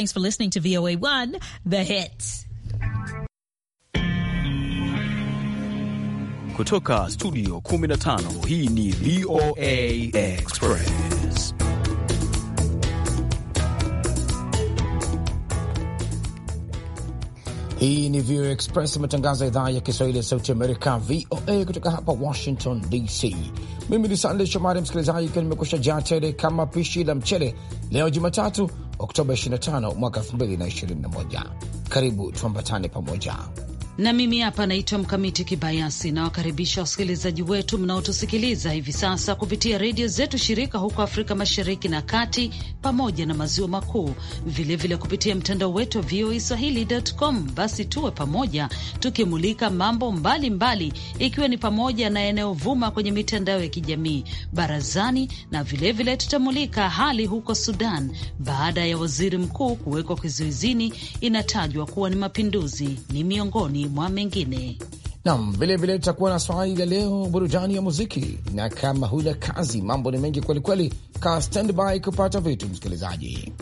Thanks for listening to VOA1, The Hits. Kutoka studio 15, hii ni VOA Express. Hii ni VOA Express, matangazo ya idhaa ya Kiswahili ya Sauti Amerika, VOA kutoka hapa Washington DC. Mimi ni Sandey Shomari msikilizaji, ikiwa nimekusha jaa tele kama pishi la mchele leo Jumatatu Oktoba 25 mwaka 2021. Karibu tuambatane pamoja na mimi hapa naitwa Mkamiti Kibayasi. Nawakaribisha wasikilizaji wetu mnaotusikiliza hivi sasa kupitia redio zetu shirika huko Afrika Mashariki na Kati pamoja na Maziwa Makuu, vilevile kupitia mtandao wetu wa VOA Swahili.com. Basi tuwe pamoja tukimulika mambo mbalimbali mbali, ikiwa ni pamoja na yanayovuma kwenye mitandao ya kijamii, barazani na vilevile vile tutamulika hali huko Sudan baada ya waziri mkuu kuwekwa kizuizini. Inatajwa kuwa ni mapinduzi, ni miongoni mwa mengine. Nam, vilevile tutakuwa na swali la leo, burudani ya muziki, na kama huna kazi, mambo ni mengi kwelikweli. Kaa standby kupata vitu, msikilizaji.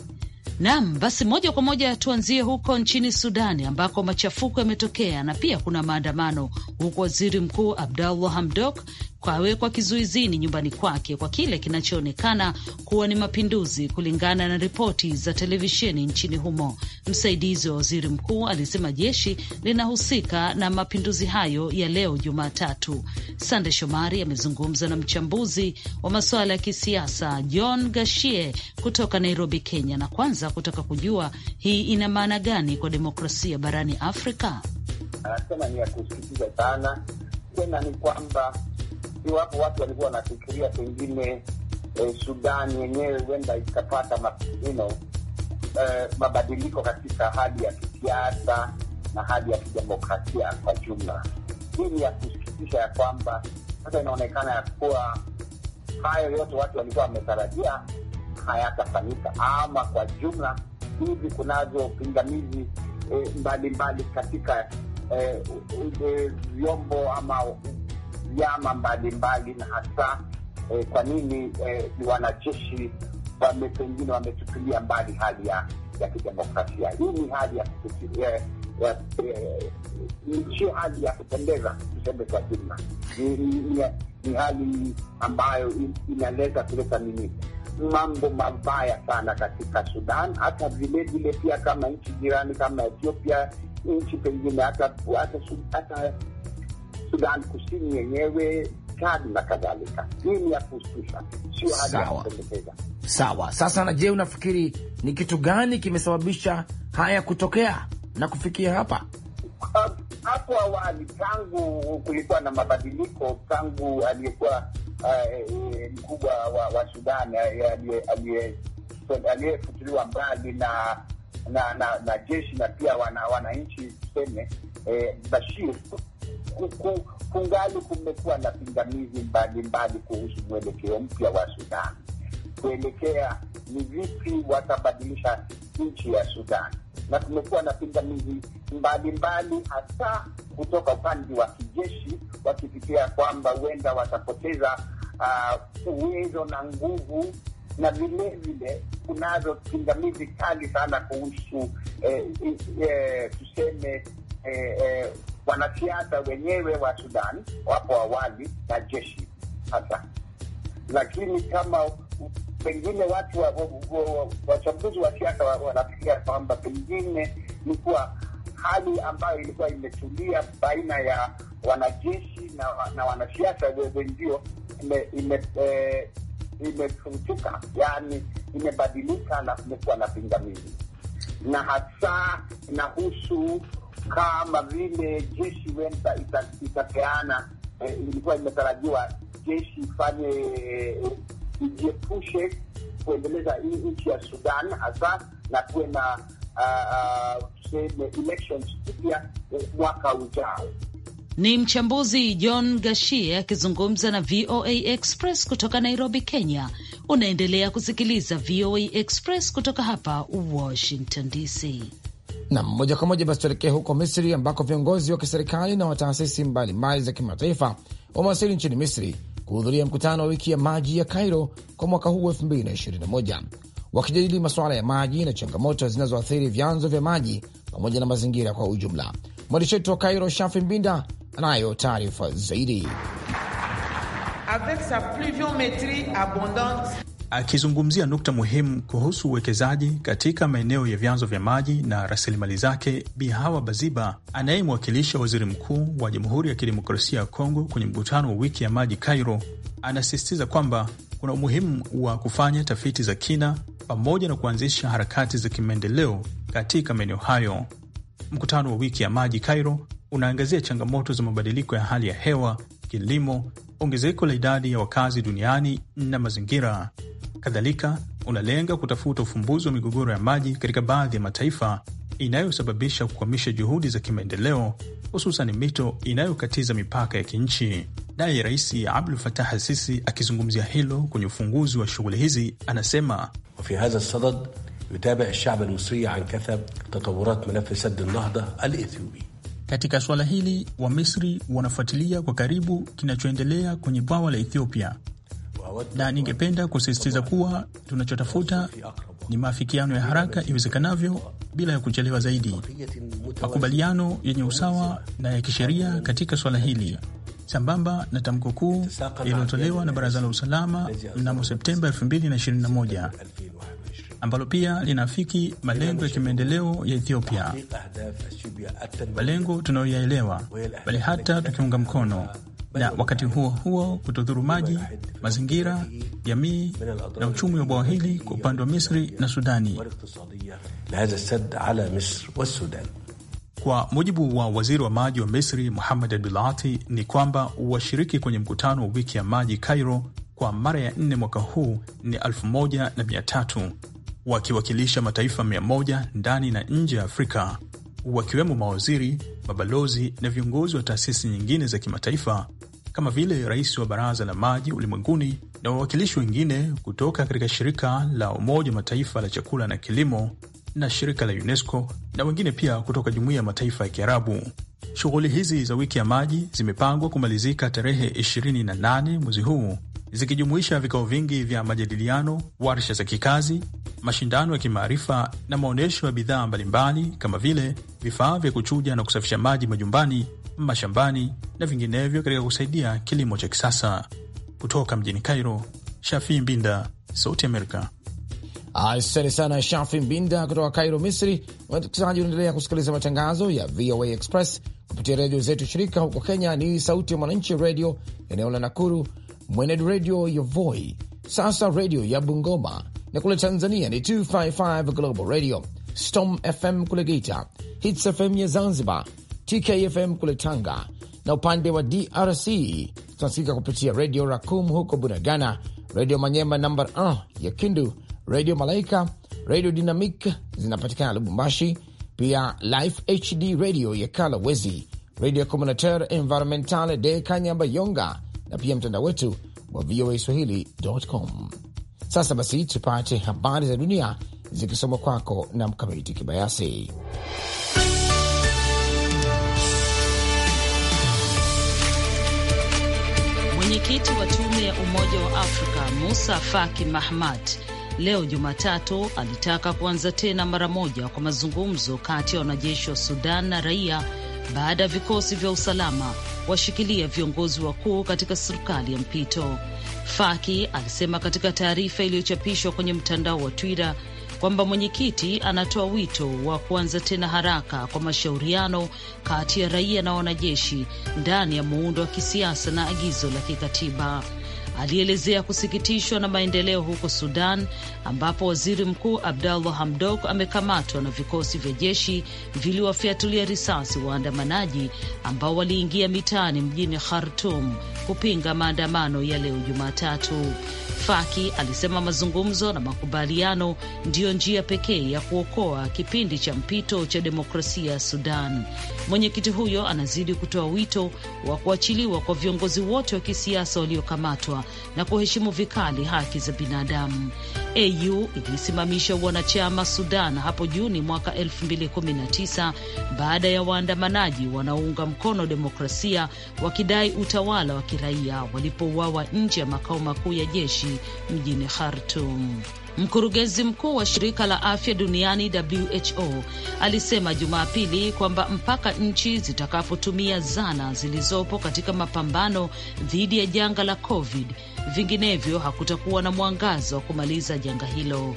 Nam, basi moja kwa moja tuanzie huko nchini Sudani ambako machafuko yametokea na pia kuna maandamano, huku waziri mkuu Abdallah Hamdok kawekwa kizuizini nyumbani kwake kwa kile kinachoonekana kuwa ni mapinduzi, kulingana na ripoti za televisheni nchini humo. Msaidizi wa waziri mkuu alisema jeshi linahusika na mapinduzi hayo ya leo Jumatatu. Sande Shomari amezungumza na mchambuzi wa masuala ya kisiasa John Gashie kutoka Nairobi, Kenya, na kwanza kutaka kujua hii ina maana gani kwa demokrasia barani Afrika. Anasema ni ya kusikiza sana, tena ni kwamba iwapo watu walikuwa wanafikiria pengine eh, Sudani yenyewe huenda ikapata ma, you know, eh, mabadiliko katika hali ya kisiasa na hali ya kidemokrasia kwa jumla. Hii ni ya kusikitisha ya kwamba sasa inaonekana ya kuwa hayo yote watu walikuwa wametarajia hayatafanyika, ama kwa jumla hivi kunazo pingamizi eh, mbalimbali eh, mbali katika vyombo eh, ama vyama mbalimbali na hasa eh, kwa nini eh, wanajeshi wame wametupilia mbali hali ya ya kidemokrasia. Hii ni hali ya eh, sio hali ya kupendeza, tuseme kwa jumla, ni hali ambayo inaleza kuleta nini mambo mabaya sana katika Sudan, hata vilevile pia kama nchi jirani kama Ethiopia, nchi pengine hata Sudan Kusini yenyewe, Chad na kadhalika. Hii ni ya kuhusisha, sio ya kupendekeza. Sawa. Sasa na je, unafikiri ni kitu gani kimesababisha haya kutokea na kufikia hapa? Uh, hapo awali tangu kulikuwa na mabadiliko, tangu aliyekuwa uh, eh, mkubwa wa Sudan eh, eh, aliyefutuliwa mbali na na jeshi na pia wananchi, tuseme Bashir kungali kumekuwa na pingamizi mbalimbali kuhusu mwelekeo mpya wa Sudan, kuelekea ni vipi watabadilisha nchi ya Sudan, na kumekuwa na pingamizi mbalimbali hasa kutoka upande wa kijeshi, wakifikia kwamba huenda watapoteza uh, uwezo na nguvu, na vilevile kunazo pingamizi kali sana kuhusu eh, eh, eh tuseme eh, eh, wanasiasa wenyewe wa Sudan wapo awali na jeshi hasa, lakini kama pengine watu wachambuzi wa siasa wanafikiria kwamba pengine ni kuwa hali ambayo ilikuwa imetulia baina ya wanajeshi na, na wanasiasa wenzio imefutuka, e, yani imebadilika na kumekuwa na pingamizi, na hasa inahusu kama vile jeshi wenda itapeana, eh, ilikuwa imetarajiwa jeshi ifanye eh, ijiepushe kuendeleza hii nchi ya Sudan hasa na kuwe na ah, ah, tuseme elections mpya eh, mwaka ujao. Ni mchambuzi John Gashie akizungumza na VOA Express kutoka Nairobi, Kenya. Unaendelea kusikiliza VOA Express kutoka hapa Washington DC. Nam, moja kwa moja basi tuelekee huko Misri ambako viongozi wa kiserikali na wataasisi mbalimbali za kimataifa wamewasili nchini Misri kuhudhuria mkutano wa wiki ya maji ya Cairo kwa mwaka huu 221 wakijadili masuala ya maji na changamoto zinazoathiri vyanzo vya maji pamoja na mazingira kwa ujumla. Mwandishi wetu wa Cairo, Shafi Mbinda, anayo taarifa zaidi. Akizungumzia nukta muhimu kuhusu uwekezaji katika maeneo ya vyanzo vya maji na rasilimali zake, Bi Hawa Baziba anayemwakilisha waziri mkuu wa Jamhuri ya Kidemokrasia ya Kongo kwenye mkutano wa wiki ya maji Cairo, anasisitiza kwamba kuna umuhimu wa kufanya tafiti za kina pamoja na kuanzisha harakati za kimaendeleo katika maeneo hayo. Mkutano wa wiki ya maji Cairo unaangazia changamoto za mabadiliko ya hali ya hewa, kilimo, ongezeko la idadi ya wakazi duniani na mazingira. Kadhalika, unalenga kutafuta ufumbuzi wa migogoro ya maji katika baadhi ya mataifa inayosababisha kukwamisha juhudi za kimaendeleo, hususan mito inayokatiza mipaka ya kinchi. Naye Rais Abdul Fatah Sisi akizungumzia hilo kwenye ufunguzi wa shughuli hizi anasema wafi hadha sadad almisri an kathab tatawurat nahda alethiopi katika suala hili Wamisri wanafuatilia kwa karibu kinachoendelea kwenye bwawa la Ethiopia na ningependa kusisitiza kuwa tunachotafuta ni maafikiano ya haraka iwezekanavyo bila ya kuchelewa zaidi, makubaliano yenye usawa na ya kisheria katika suala hili, sambamba na tamko kuu iliyotolewa na Baraza la Usalama mnamo Septemba 2021 ambalo pia linaafiki malengo ya kimaendeleo ya Ethiopia, malengo tunayoyaelewa, bali hata tukiunga mkono na wakati huo huo kutodhuru maji, mazingira, jamii na uchumi wa bwawa hili kwa upande wa Misri na Sudani. Kwa mujibu wa waziri wa maji wa Misri Muhammad Abdulati ni kwamba washiriki kwenye mkutano wa wiki ya maji Cairo kwa mara ya nne mwaka huu ni 1300 wakiwakilisha mataifa 100 ndani na nje ya Afrika wakiwemo mawaziri, mabalozi na viongozi wa taasisi nyingine za kimataifa kama vile rais wa Baraza la Maji Ulimwenguni na wawakilishi wengine kutoka katika shirika la Umoja wa Mataifa la chakula na kilimo na shirika la UNESCO na wengine pia kutoka Jumuiya ya Mataifa ya Kiarabu. Shughuli hizi za wiki ya maji zimepangwa kumalizika tarehe 28 mwezi huu, zikijumuisha vikao vingi vya majadiliano, warsha za kikazi, mashindano ya kimaarifa na maonyesho ya bidhaa mbalimbali kama vile vifaa vya kuchuja na kusafisha maji majumbani mashambani na vinginevyo katika kusaidia kilimo cha kisasa. Kutoka mjini Cairo, Shafi Mbinda, Sauti Amerika. Asante sana Shafi Mbinda kutoka Cairo, Misri. Wasikilizaji, unaendelea kusikiliza matangazo ya VOA Express kupitia redio zetu shirika. Huko Kenya ni Sauti ya Mwananchi redio eneo la Nakuru, Mwened redio ya Voi, Sasa redio ya Bungoma, na kule Tanzania ni 255 Global Radio, Storm FM kule Geita, Hits FM ya Zanzibar, TKFM kule Tanga, na upande wa DRC tunasikika kupitia Redio Racum huko Bunagana, Redio Manyema namba 1 uh, ya Kindu, Redio Malaika, Redio Dynamic zinapatikana Lubumbashi, pia Life HD Radio ya Kalawezi, Redio Communautaire Environmentale de Kanyambayonga na pia mtandao wetu wa VOA Swahili.com. Sasa basi, tupate habari za dunia zikisoma kwako na Mkamiti Kibayasi. Mwenyekiti wa tume ya Umoja wa Afrika Musa Faki Mahamat leo Jumatatu alitaka kuanza tena mara moja kwa mazungumzo kati ya wanajeshi wa Sudan na raia baada ya vikosi vya usalama washikilia viongozi wakuu katika serikali ya mpito. Faki alisema katika taarifa iliyochapishwa kwenye mtandao wa Twitter kwamba mwenyekiti anatoa wito wa kuanza tena haraka kwa mashauriano kati ya raia na wanajeshi ndani ya muundo wa kisiasa na agizo la kikatiba alielezea kusikitishwa na maendeleo huko Sudan, ambapo waziri mkuu Abdallah Hamdok amekamatwa na vikosi vya jeshi viliwafyatulia risasi waandamanaji ambao waliingia mitaani mjini Khartum kupinga maandamano ya leo Jumatatu. Faki alisema mazungumzo na makubaliano ndiyo njia pekee ya kuokoa kipindi cha mpito cha demokrasia ya Sudan. Mwenyekiti huyo anazidi kutoa wito wa kuachiliwa kwa viongozi wote wa kisiasa waliokamatwa na kuheshimu vikali haki za binadamu. AU ilisimamisha wanachama Sudan hapo Juni mwaka 2019 baada ya waandamanaji wanaounga mkono demokrasia wakidai utawala wa kiraia walipouawa nje ya makao makuu ya jeshi mjini Khartoum. Mkurugenzi mkuu wa shirika la afya duniani WHO alisema Jumapili kwamba mpaka nchi zitakapotumia zana zilizopo katika mapambano dhidi ya janga la COVID, vinginevyo hakutakuwa na mwangazo wa kumaliza janga hilo.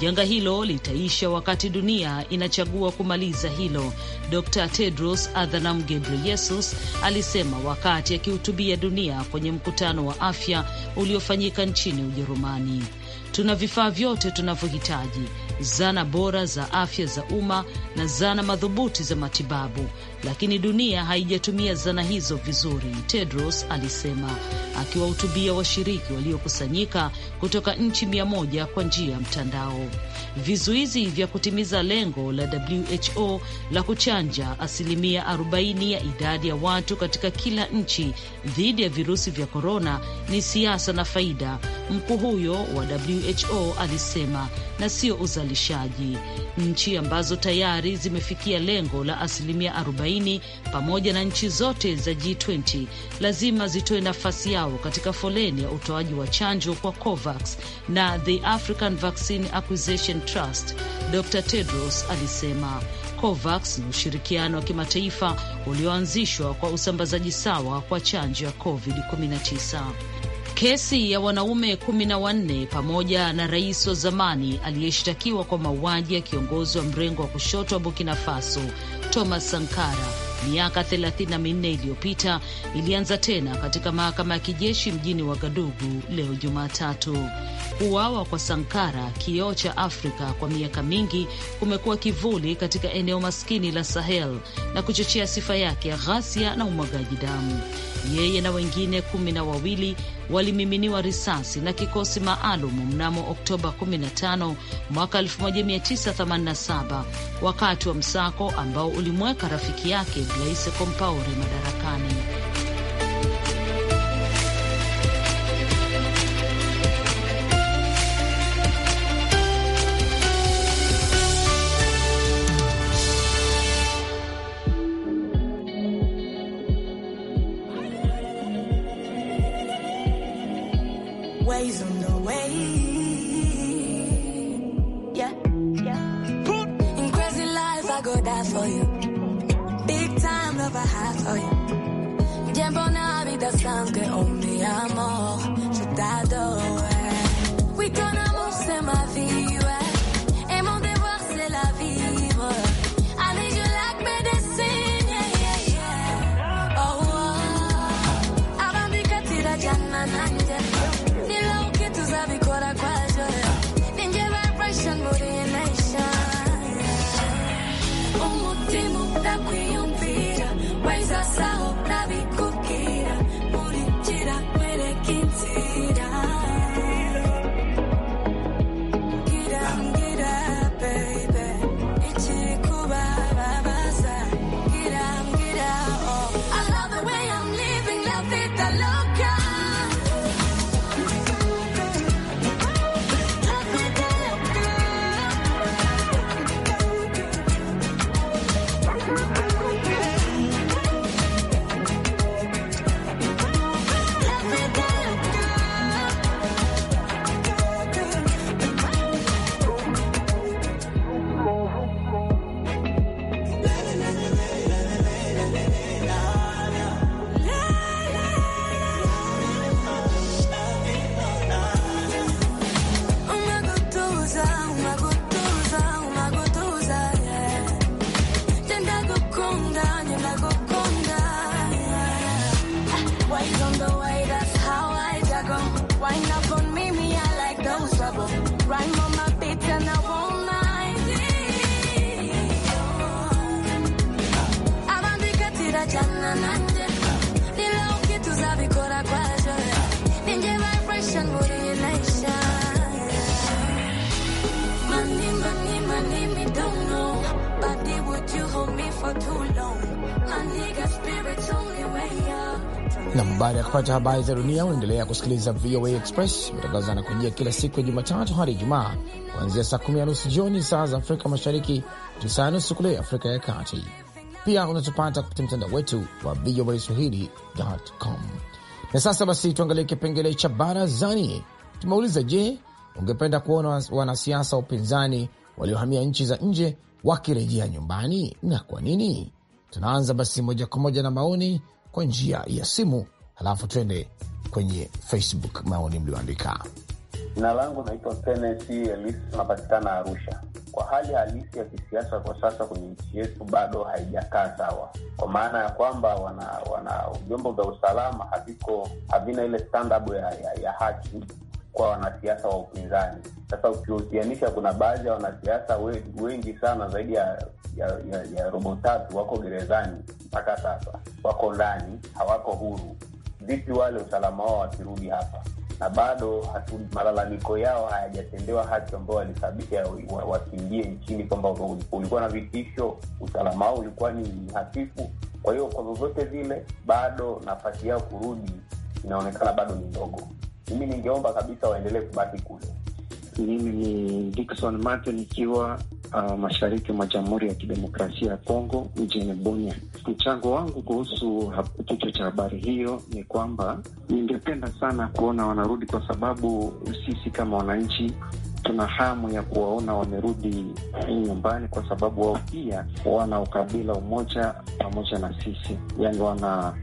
Janga hilo litaisha wakati dunia inachagua kumaliza hilo, Dr Tedros Adhanom Ghebreyesus alisema wakati akihutubia dunia kwenye mkutano wa afya uliofanyika nchini Ujerumani. Tuna vifaa vyote tunavyohitaji zana bora za afya za umma na zana madhubuti za matibabu, lakini dunia haijatumia zana hizo vizuri, Tedros alisema akiwahutubia washiriki waliokusanyika kutoka nchi mia moja kwa njia ya mtandao. Vizuizi vya kutimiza lengo la WHO la kuchanja asilimia 40 ya idadi ya watu katika kila nchi dhidi ya virusi vya korona ni siasa na faida, mkuu huyo wa WHO alisema, na sio uzalishaji uzalishaji. Nchi ambazo tayari zimefikia lengo la asilimia 40 pamoja na nchi zote za G20 lazima zitoe nafasi yao katika foleni ya utoaji wa chanjo kwa COVAX na the African Vaccine Acquisition Trust. Dr Tedros alisema COVAX ni ushirikiano wa kimataifa ulioanzishwa kwa usambazaji sawa kwa chanjo ya COVID-19. Kesi ya wanaume kumi na wanne pamoja na rais wa zamani aliyeshtakiwa kwa mauaji ya kiongozi wa mrengo wa kushoto wa Burkina Faso Thomas Sankara miaka 34 iliyopita ilianza tena katika mahakama ya kijeshi mjini Wagadugu leo Jumatatu. Kuuawa kwa Sankara, kioo cha Afrika kwa miaka mingi, kumekuwa kivuli katika eneo maskini la Sahel na kuchochea sifa yake ya ghasia na umwagaji damu yeye na wengine kumi na wawili walimiminiwa risasi na kikosi maalum mnamo Oktoba 15 mwaka 1987 wakati wa msako ambao ulimweka rafiki yake Blaise Compaore madarakani. Nam, baada ya kupata habari za dunia, unaendelea kusikiliza VOA Express. na kujia kila siku ya Jumatatu hadi Ijumaa, kuanzia saa kumi na nusu jioni saa za Afrika Mashariki, tisa na nusu kule Afrika ya Kati. Pia unatupata kupitia mtandao wetu wa VOA Swahili.com. Na sasa basi, tuangalie kipengele cha barazani. Tumeuliza, je, ungependa kuona wanasiasa wa upinzani waliohamia nchi za nje wakirejea nyumbani na kwa nini? Tunaanza basi moja kwa moja na maoni kwa njia ya simu. Halafu tuende kwenye Facebook, maoni mlioandika. Jina langu naitwa Penesi Elis, napatikana Arusha. Kwa hali halisi ya kisiasa kwa sasa kwenye nchi yetu bado haijakaa sawa, kwa maana ya kwamba wana vyombo vya usalama haviko havina ile standard ya, ya, ya haki kwa wanasiasa wa upinzani. Sasa ukihusianisha, kuna baadhi ya wanasiasa wengi sana zaidi ya ya, ya, ya robo tatu wako gerezani mpaka sasa, wako ndani, hawako huru. Vipi wale usalama wao wakirudi hapa? Na bado malalamiko yao hayajatendewa haki, ambayo walisababisha wakimbie nchini, kwamba ulikuwa na vitisho, usalama wao ulikuwa ni hafifu. Kwa hiyo kwa vyovyote vile, bado nafasi yao kurudi inaonekana bado ni ndogo mimi ningeomba kabisa waendelee kubaki kule. Mimi ni Dikson Mate nikiwa uh, mashariki mwa Jamhuri ya Kidemokrasia ya Kongo mjini Bunia. Mchango wangu kuhusu kichwa cha habari hiyo ni kwamba ningependa sana kuona wanarudi, kwa sababu sisi kama wananchi tuna hamu ya kuwaona wamerudi nyumbani, kwa sababu wao pia wana ukabila umoja pamoja na sisi, yani wana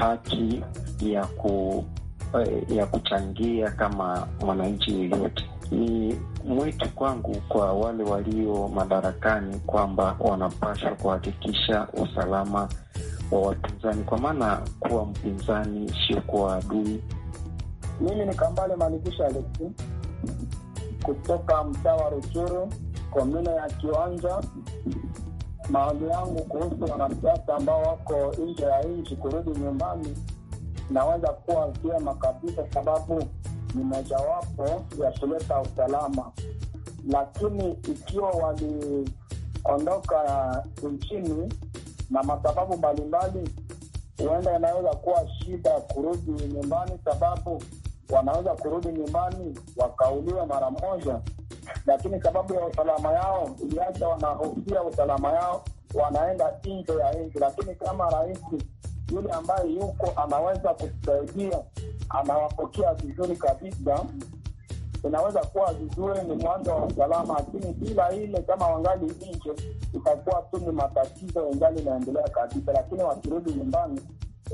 haki ya ku Eh, ya kuchangia kama mwananchi yeyote. Ni mwitu kwangu kwa wale walio madarakani kwamba wanapaswa kuhakikisha usalama wa wapinzani, kwa maana kuwa mpinzani sio kuwa adui. Mimi ni Kambale Malikisha Aleksi kutoka mtaa wa Ruchuru, komuna ya Kiwanja. Maoni yangu kuhusu wanasiasa ambao wako nje ya nchi kurudi nyumbani inaweza kuwa vyema kabisa, sababu ni mojawapo ya kuleta usalama. Lakini ikiwa waliondoka nchini na masababu mbalimbali, huenda inaweza kuwa shida kurudi nyumbani, sababu wanaweza kurudi nyumbani wakauliwe mara moja, lakini sababu ya usalama yao iliacha wanahofia usalama yao, wanaenda nje ya nchi. Lakini kama rahisi yule ambaye yuko anaweza kutusaidia, anawapokea vizuri kabisa, inaweza kuwa vizuri, ni mwanzo wa usalama. Lakini bila ile, kama wangali nje, itakuwa tu ni matatizo yangali inaendelea kabisa, lakini wakirudi nyumbani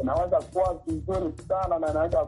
inaweza kuwa vizuri sana na inaweza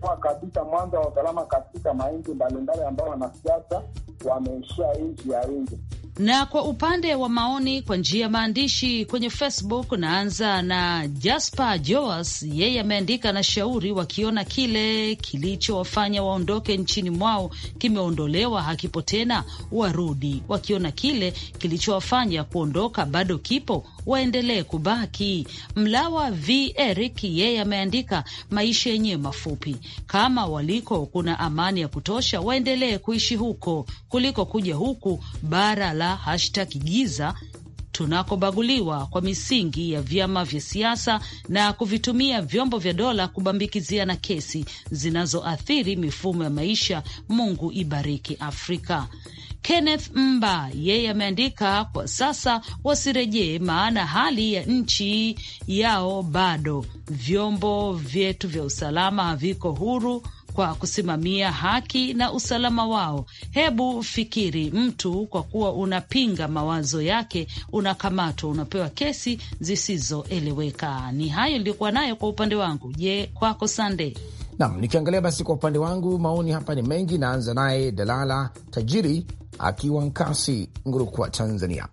kuwa kabisa mwanzo wa usalama katika mainji mbalimbali ambao wanasiasa wameishia nchi ya nje na kwa upande wa maoni kwa njia ya maandishi kwenye Facebook, naanza na Jasper Joas. Yeye ameandika na shauri, wakiona kile kilichowafanya waondoke nchini mwao kimeondolewa, hakipo tena, warudi. Wakiona kile kilichowafanya kuondoka bado kipo, waendelee kubaki. Mlawa V Eric yeye ameandika maisha yenyewe mafupi, kama waliko kuna amani ya kutosha, waendelee kuishi huko kuliko kuja huku bara la hashtag giza tunakobaguliwa kwa misingi ya vyama vya siasa na kuvitumia vyombo vya dola kubambikiziana kesi zinazoathiri mifumo ya maisha. Mungu ibariki Afrika. Kenneth Mba yeye ameandika kwa sasa wasirejee, maana hali ya nchi yao bado, vyombo vyetu vya usalama haviko huru kwa kusimamia haki na usalama wao. Hebu fikiri, mtu kwa kuwa unapinga mawazo yake unakamatwa, unapewa kesi zisizoeleweka. Ni hayo iliyokuwa nayo kwa upande wangu. Je, kwako Sande? Nam, nikiangalia basi kwa upande wangu maoni hapa ni mengi. Naanza naye Dalala Tajiri akiwa Nkasi, Ngurukwa, Tanzania,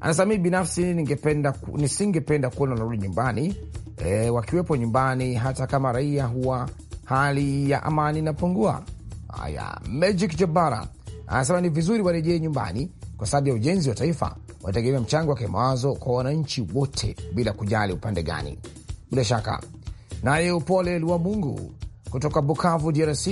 anasema mii binafsi ningependa nisingependa kuona narudi nyumbani e, wakiwepo nyumbani hata kama raia huwa hali ya amani inapungua. Haya, Magic Jabara anasema ni vizuri warejee nyumbani kwa sababu ya ujenzi wa taifa wanategemea mchango wa kimawazo kwa wananchi wote bila kujali upande gani. Bila shaka, naye Upole Lwa Mungu kutoka Bukavu, DRC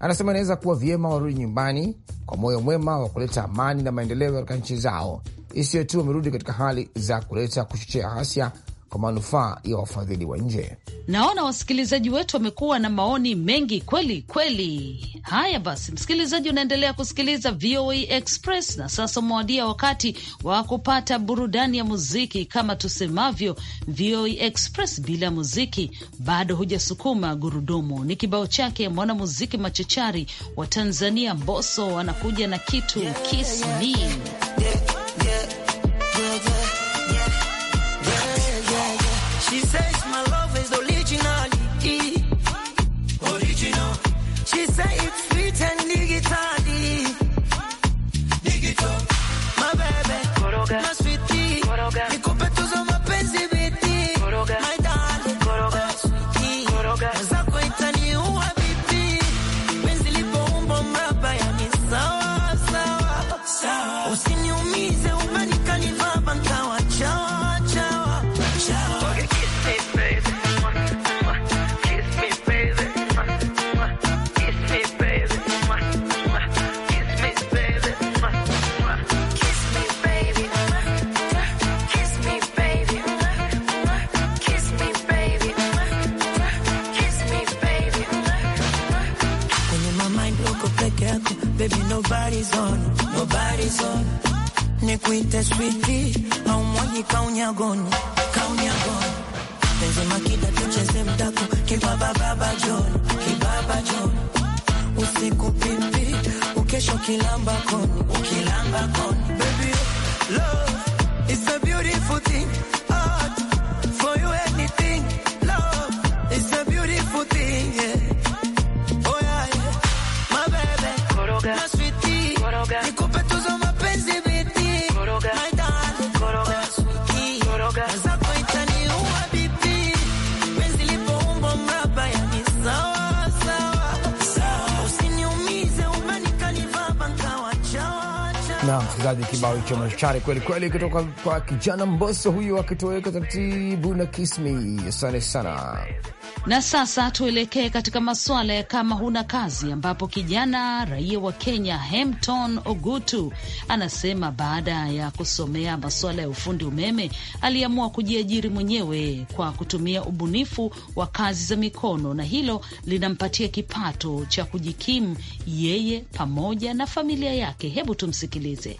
anasema inaweza kuwa vyema warudi nyumbani kwa moyo mwema wa kuleta amani na maendeleo katika nchi zao, isiyo tu wamerudi katika hali za kuleta kuchochea ghasia kwa manufaa ya wafadhili wa nje. Naona wasikilizaji wetu wamekuwa na maoni mengi kweli kweli. Haya basi, msikilizaji, unaendelea kusikiliza VOA Express na sasa umewadia wakati wa kupata burudani ya muziki. Kama tusemavyo, VOA Express bila muziki bado hujasukuma gurudumu. Ni kibao chake mwanamuziki machachari wa Tanzania mboso anakuja na kitu yeah, kiss me yeah. na msikilizaji, kibao hicho machari kweli kweli kutoka kwa kijana mboso huyo akitoweka taratibu na Kismi. Asante sana. Na sasa tuelekee katika masuala ya kama huna kazi, ambapo kijana raia wa Kenya Hemton Ogutu anasema baada ya kusomea masuala ya ufundi umeme aliamua kujiajiri mwenyewe kwa kutumia ubunifu wa kazi za mikono, na hilo linampatia kipato cha kujikimu yeye pamoja na familia yake. Hebu tumsikilize.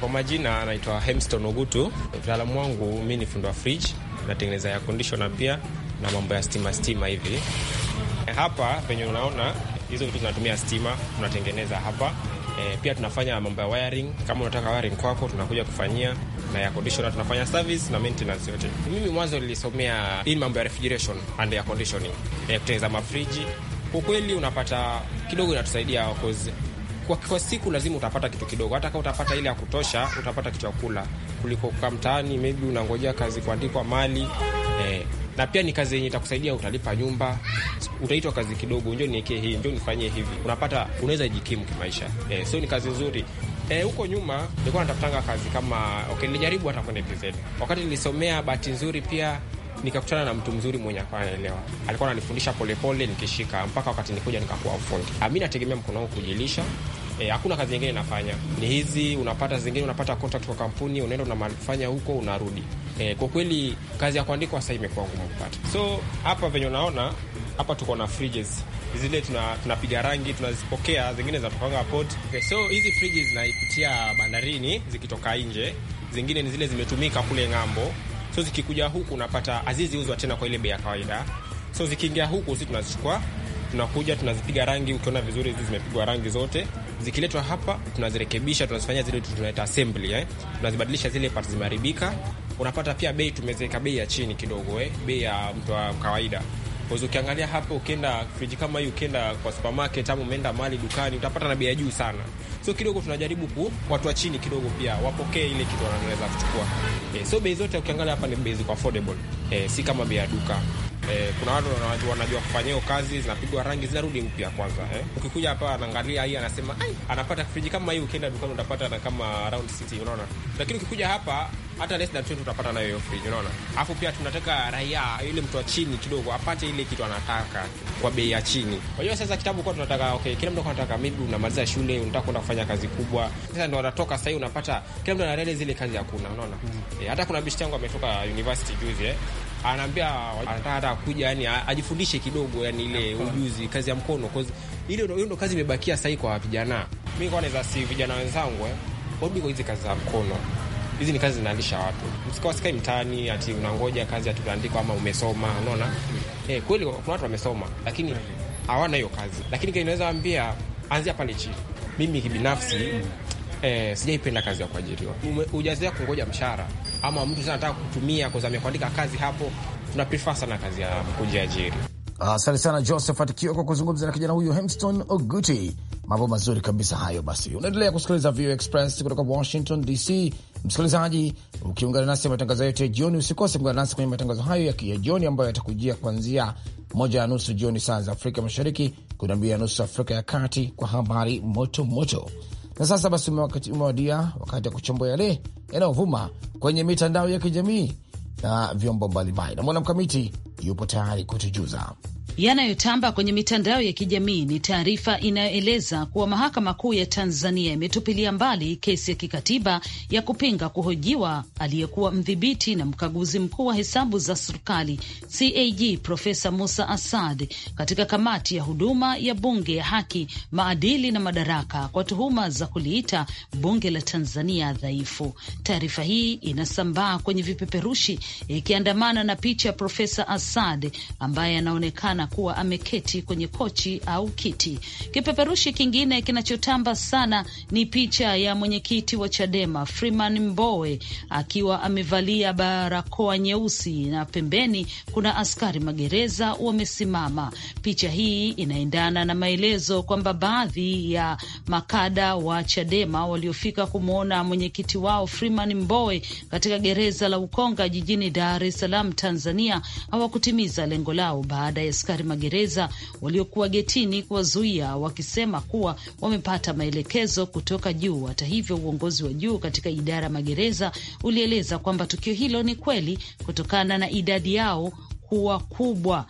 Kwa majina anaitwa Hemston Ogutu. Utaalamu wangu mi ni fundi wa natengeneza air pia na mambo ya stima stima hivi. E, Hapa venye unaona hizo vitu zinatumia stima, tunatengeneza hapa e, pia tunafanya mambo ya wiring. Kama unataka wiring kwako, tunakuja kufanyia na ya conditioner, tunafanya service na maintenance yote. Mimi mwanzo nilisomea hii mambo ya refrigeration and air conditioning, e, kutengeneza mafriji. Kwa kweli unapata kidogo, inatusaidia cause kwa, kwa siku lazima utapata kitu kidogo, hata kama utapata ile ya kutosha, utapata kitu cha kula kuliko kukaa mtaani, maybe unangojea kazi kuandikwa mali eh na pia ni kazi yenye itakusaidia, utalipa nyumba, utaitwa kazi kidogo, njo niekee hii, njo nifanyie hivi, unapata unaweza jikimu kimaisha. e, eh, sio ni kazi nzuri. e, huko nyuma nilikuwa natafutanga kazi kama okay, nilijaribu hata kwenda PZ wakati nilisomea, bahati nzuri pia nikakutana na mtu mzuri mwenye alikuwa anaelewa, alikuwa ananifundisha polepole, nikishika mpaka wakati nikuja nikakuwa ufundi. Ah, mi nategemea mkono wangu kujilisha E, hakuna kazi nyingine nafanya ni hizi. Unapata zingine, unapata contact kwa kampuni, unaenda unafanya huko, unarudi. E, kwa kweli kazi ya kuandikwa sasa imekuwa ngumu kupata. So hapa venye unaona hapa tuko na fridges zile tunapiga tuna rangi tunazipokea, zingine zinatokanga port. Okay, so hizi fridges zinaipitia bandarini zikitoka nje, zingine ni zile zimetumika kule ng'ambo, so zikikuja huku unapata haziziuzwa tena kwa ile bei ya kawaida, so zikiingia huku si tunazichukua tunakuja tunazipiga rangi. Ukiona vizuri hizi zimepigwa rangi zote Zikiletwa hapa tunazirekebisha, tunazifanyia zile tunaita assembly eh, tunazibadilisha zile parts zimeharibika. Unapata pia bei, tumeziweka bei ya chini kidogo eh, bei ya mtu wa kawaida. Kwa hiyo ukiangalia hapo, ukienda friji kama hii, ukienda kwa supermarket ama umeenda mali dukani, utapata na bei ya juu sana. So kidogo tunajaribu ku watu wa chini kidogo pia wapokee ile kitu wanaweza kuchukua. Eh, so bei zote ukiangalia hapa ni bei ziko affordable, eh, si kama bei ya duka eh, kuna watu wanajua, wanajua kufanya hiyo kazi, zinapigwa rangi zinarudi upya kwanza eh. Ukikuja hapa anaangalia hii anasema ai, anapata friji kama hii, ukienda dukani utapata na kama around city, unaona. Lakini ukikuja hapa hata less than 20 utapata nayo hiyo friji, unaona. Alafu pia tunataka raia yule mtu wa chini kidogo apate ile kitu anataka kwa bei ya chini. Kwa hiyo sasa kitabu kwa tunataka okay, kila mtu anataka maybe unamaliza shule unataka kwenda kufanya kazi kubwa, sasa ndio anatoka sasa hivi, unapata kila mtu anarealize zile kazi hakuna, unaona. Mm E, hata kuna bishi yangu ametoka university juzi eh anaambia anataka hata kuja, yani ajifundishe kidogo, yani ile yeah, ujuzi, kazi ya mkono, cause ile ndio kazi imebakia sahii kwa vijana. Mi kwa naweza si vijana wenzangu eh, warudi kwa hizi kazi za mkono. Hizi ni kazi zinaandisha watu, msikawasikae mtaani ati unangoja kazi atuandikwa ama umesoma. Unaona eh, kweli kuna watu wamesoma, lakini hawana hiyo kazi. Lakini inaweza ambia anzia pale chini. Mimi kibinafsi eh, sijaipenda kazi ya kuajiriwa. Hujazoea kungoja mshahara ama mtu sana anataka kutumia kuzamia kuandika kazi hapo, tuna prefer sana kazi ya kujiajiri. Asante sana Josephat Kio kwa kuzungumza na kijana huyo Hemston Oguti. Mambo mazuri kabisa hayo. Basi unaendelea kusikiliza VOA Express kutoka Washington DC. Msikilizaji, ukiungana nasi matangazo yetu ya jioni, usikose kuungana nasi kwenye matangazo hayo ya jioni ambayo yatakujia kuanzia moja ya nusu jioni saa za Afrika Mashariki, kumi na mbili na nusu Afrika ya Kati, kwa habari moto moto. Na sasa basi, umewadia wakati wa kuchambua yale yanayovuma kwenye mitandao ya kijamii na vyombo mbalimbali, na mwanamkamiti yupo tayari kutujuza. Yanayotamba kwenye mitandao ya kijamii ni taarifa inayoeleza kuwa mahakama kuu ya Tanzania imetupilia mbali kesi ya kikatiba ya kupinga kuhojiwa aliyekuwa mdhibiti na mkaguzi mkuu wa hesabu za serikali CAG Profesa Musa Assad katika kamati ya huduma ya bunge ya haki, maadili na madaraka kwa tuhuma za kuliita bunge la Tanzania dhaifu. Taarifa hii inasambaa kwenye vipeperushi ikiandamana na picha ya Profesa Assad ambaye anaonekana kuwa ameketi kwenye kochi au kiti. Kipeperushi kingine kinachotamba sana ni picha ya mwenyekiti wa Chadema Freeman Mbowe akiwa amevalia barakoa nyeusi na pembeni kuna askari magereza wamesimama. Picha hii inaendana na maelezo kwamba baadhi ya makada wa Chadema waliofika kumwona mwenyekiti wao Freeman Mbowe katika gereza la Ukonga jijini Dar es Salaam, Tanzania hawakutimiza lengo lao baada ya askari magereza waliokuwa getini kuwazuia wakisema kuwa wamepata maelekezo kutoka juu. Hata hivyo, uongozi wa juu katika idara ya magereza ulieleza kwamba tukio hilo ni kweli kutokana na idadi yao kuwa kubwa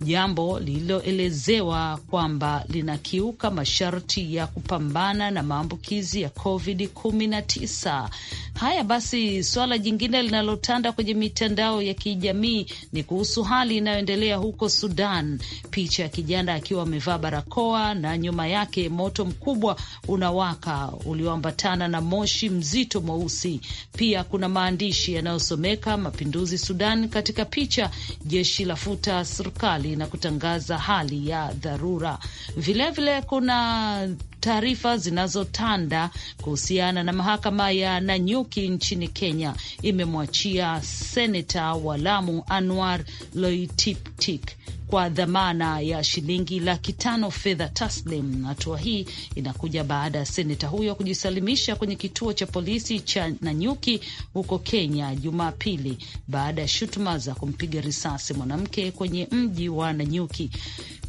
jambo lililoelezewa kwamba linakiuka masharti ya kupambana na maambukizi ya COVID-19. Haya basi, suala jingine linalotanda kwenye mitandao ya kijamii ni kuhusu hali inayoendelea huko Sudan. Picha ya kijana akiwa amevaa barakoa na nyuma yake moto mkubwa unawaka ulioambatana na moshi mzito mweusi. Pia kuna maandishi yanayosomeka mapinduzi Sudan katika picha, jeshi la futa serikali serikali na kutangaza hali ya dharura. Vilevile vile kuna taarifa zinazotanda kuhusiana na mahakama ya Nanyuki nchini Kenya imemwachia seneta wa Lamu Anwar Loitiptik kwa dhamana ya shilingi laki tano fedha taslim. Hatua hii inakuja baada ya seneta huyo kujisalimisha kwenye kituo cha polisi cha Nanyuki huko Kenya Jumapili baada ya shutuma za kumpiga risasi mwanamke kwenye mji wa Nanyuki.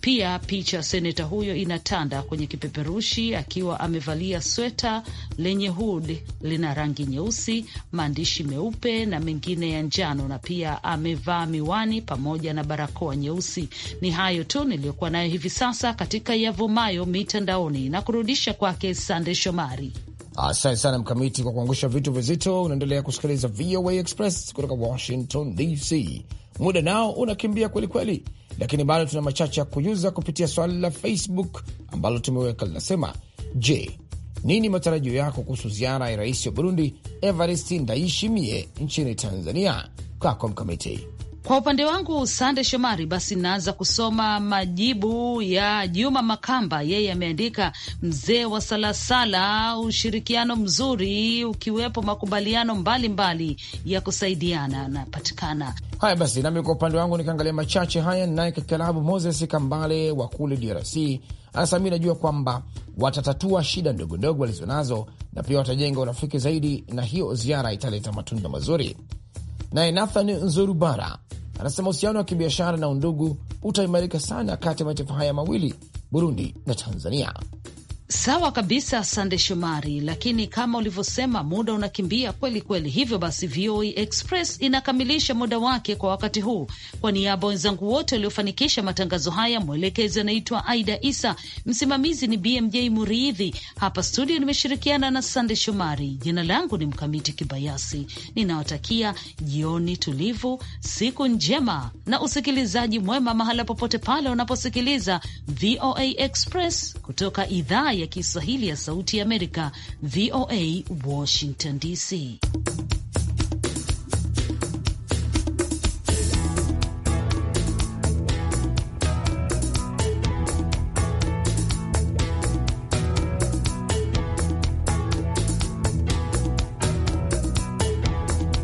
Pia picha seneta huyo inatanda kwenye kipeperushi akiwa amevalia sweta lenye hood lina rangi nyeusi, maandishi meupe na mengine ya njano, na pia amevaa miwani pamoja na barakoa nyeusi ni hayo tu niliyokuwa nayo hivi sasa katika yavumayo mitandaoni, na kurudisha kwake Sande Shomari. Asante sana Mkamiti kwa kuangusha vitu vizito. Unaendelea kusikiliza VOA Express kutoka Washington DC. Muda nao unakimbia kwelikweli, lakini bado tuna machache ya kujuza kupitia swali la Facebook ambalo tumeweka linasema: Je, nini matarajio yako kuhusu ziara ya rais wa Burundi Evariste Ndayishimiye nchini Tanzania? Kwako Mkamiti. Kwa upande wangu Sande Shomari, basi naanza kusoma majibu ya Juma Makamba. Yeye ameandika mzee wa Salasala, ushirikiano mzuri ukiwepo makubaliano mbalimbali mbali ya kusaidiana anapatikana. Haya basi, nami kwa upande wangu nikaangalia machache haya. Naye katika labu Moses Kambale wa kule DRC anasema mi najua kwamba watatatua shida ndogo ndogo walizonazo na pia watajenga urafiki zaidi, na hiyo ziara italeta matunda mazuri. Naye Nathan Nzorubara anasema uhusiano wa kibiashara na undugu utaimarika sana kati ya mataifa haya mawili, Burundi na Tanzania. Sawa kabisa, Sande Shomari, lakini kama ulivyosema muda unakimbia kweli kweli. Hivyo basi, VOA e Express inakamilisha muda wake kwa wakati huu. Kwa niaba wenzangu wote waliofanikisha matangazo haya, mwelekezi anaitwa Aida Isa, msimamizi ni BMJ Muridhi. Hapa studio nimeshirikiana na Sande Shomari, jina langu ni Mkamiti Kibayasi. Ninawatakia jioni tulivu, siku njema na usikilizaji mwema mahala popote pale unaposikiliza VOA e Express kutoka idhaa ya Kiswahili ya Sauti ya Amerika, VOA, Washington DC.